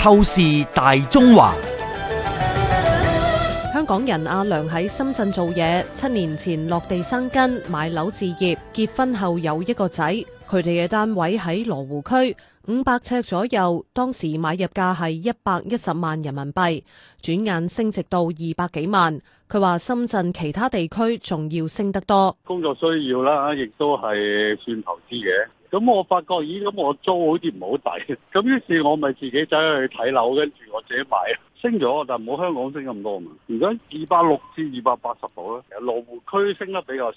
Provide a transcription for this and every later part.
透視大中華，香港人阿良喺深圳做嘢，七年前落地生根，買樓置業，結婚後有一個仔。佢哋嘅單位喺羅湖區，五百尺左右，當時買入價係一百一十萬人民幣，轉眼升值到二百幾萬。佢話深圳其他地區仲要升得多。工作需要啦，亦都係算投資嘅。咁我發覺，咦，咁我租好似唔好抵，咁於是我咪自己走去睇樓，跟住我自己買。升咗，但唔好香港升咁多嘛！而家二百六至二百八十度啦，其實羅湖區升得比較少，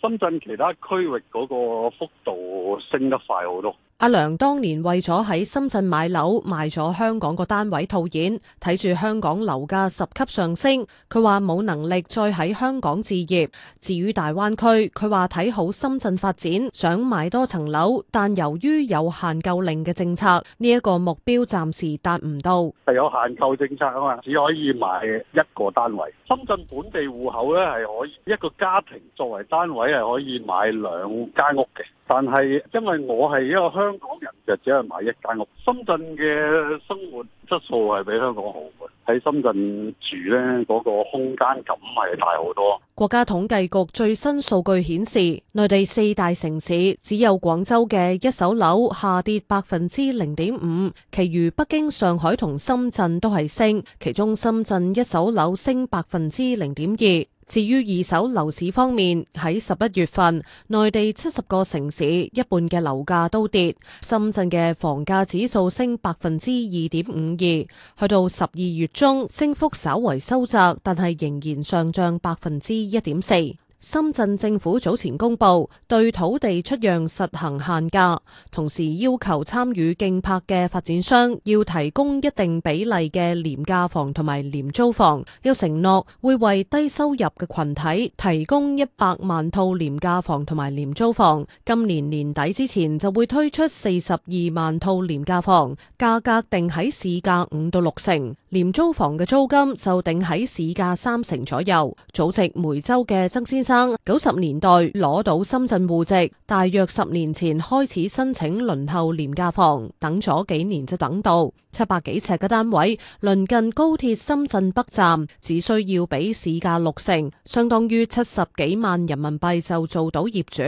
深圳其他區域嗰個幅度升得快好多。阿梁當年為咗喺深圳買樓，賣咗香港個單位套現，睇住香港樓價十級上升，佢話冇能力再喺香港置業。至於大灣區，佢話睇好深圳發展，想買多層樓，但由於有限購令嘅政策，呢、這、一個目標暫時達唔到。係有限購政。只可以買一個單位。深圳本地戶口咧，係可以一個家庭作為單位係可以買兩間屋嘅，但係因為我係一個香港人就只係買一間屋。深圳嘅生活質素係比香港好嘅。喺深圳住咧，嗰個空間感係大好多。國家統計局最新數據顯示，內地四大城市只有廣州嘅一手樓下跌百分之零點五，其餘北京、上海同深圳都係升，其中深圳一手樓升百分之零點二。至於二手樓市方面，喺十一月份，內地七十個城市一半嘅樓價都跌，深圳嘅房價指數升百分之二點五二，去到十二月中升幅稍為收窄，但係仍然上漲百分之一點四。深圳政府早前公布對土地出讓實行限價，同時要求參與競拍嘅發展商要提供一定比例嘅廉價房同埋廉租房，又承諾會為低收入嘅群體提供一百萬套廉價房同埋廉租房。今年年底之前就會推出四十二萬套廉價房，價格定喺市價五到六成，廉租房嘅租金就定喺市價三成左右。組織梅州嘅曾先生九十年代攞到深圳戶籍，大約十年前開始申請輪候廉價房，等咗幾年就等到七百幾尺嘅單位，鄰近高鐵深圳北站，只需要俾市價六成，相當於七十幾萬人民幣就做到業主。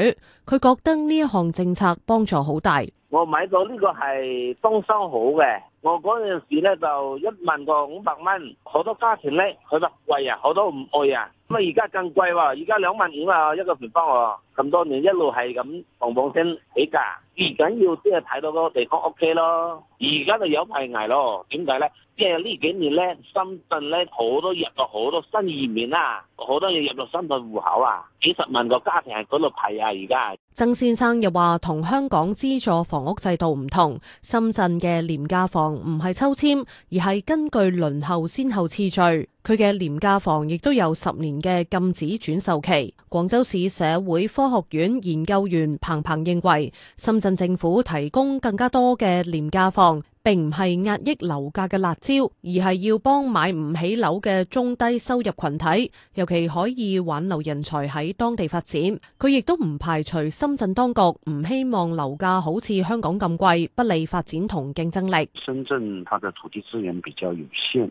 佢覺得呢一項政策幫助好大。我買到呢個係裝修好嘅，我嗰陣時咧就一萬個五百蚊，好多家庭咧，佢咪貴啊，好多唔愛啊，咁啊而家更貴喎，而家兩萬五啊，一個平方啊。咁多年一路係咁望望升起價，而緊要即係睇到個地方 OK 咯。而家就有排捱咯，點解咧？即係呢幾年咧，深圳咧好多入到好多新移民啊，好多嘢入到深圳戶口啊，幾十萬個家庭喺嗰度排啊，而家。曾先生又話，同香港資助房屋制度唔同，深圳嘅廉價房唔係抽簽，而係根據輪候先後次序。佢嘅廉價房亦都有十年嘅禁止轉售期。廣州市社會科學院研究員彭彭認為，深圳政府提供更加多嘅廉價房。並唔係壓抑樓價嘅辣招，而係要幫買唔起樓嘅中低收入群體，尤其可以挽留人才喺當地發展。佢亦都唔排除深圳當局唔希望樓價好似香港咁貴，不利發展同競爭力。深圳，佢嘅土地資源比較有限。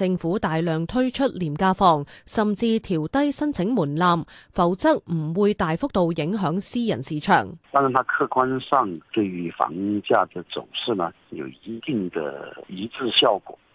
政府大量推出廉價房，甚至調低申請門檻，否則唔會大幅度影響私人市場。但是它客觀上，對於房價的走勢呢，有一定的抑制效果。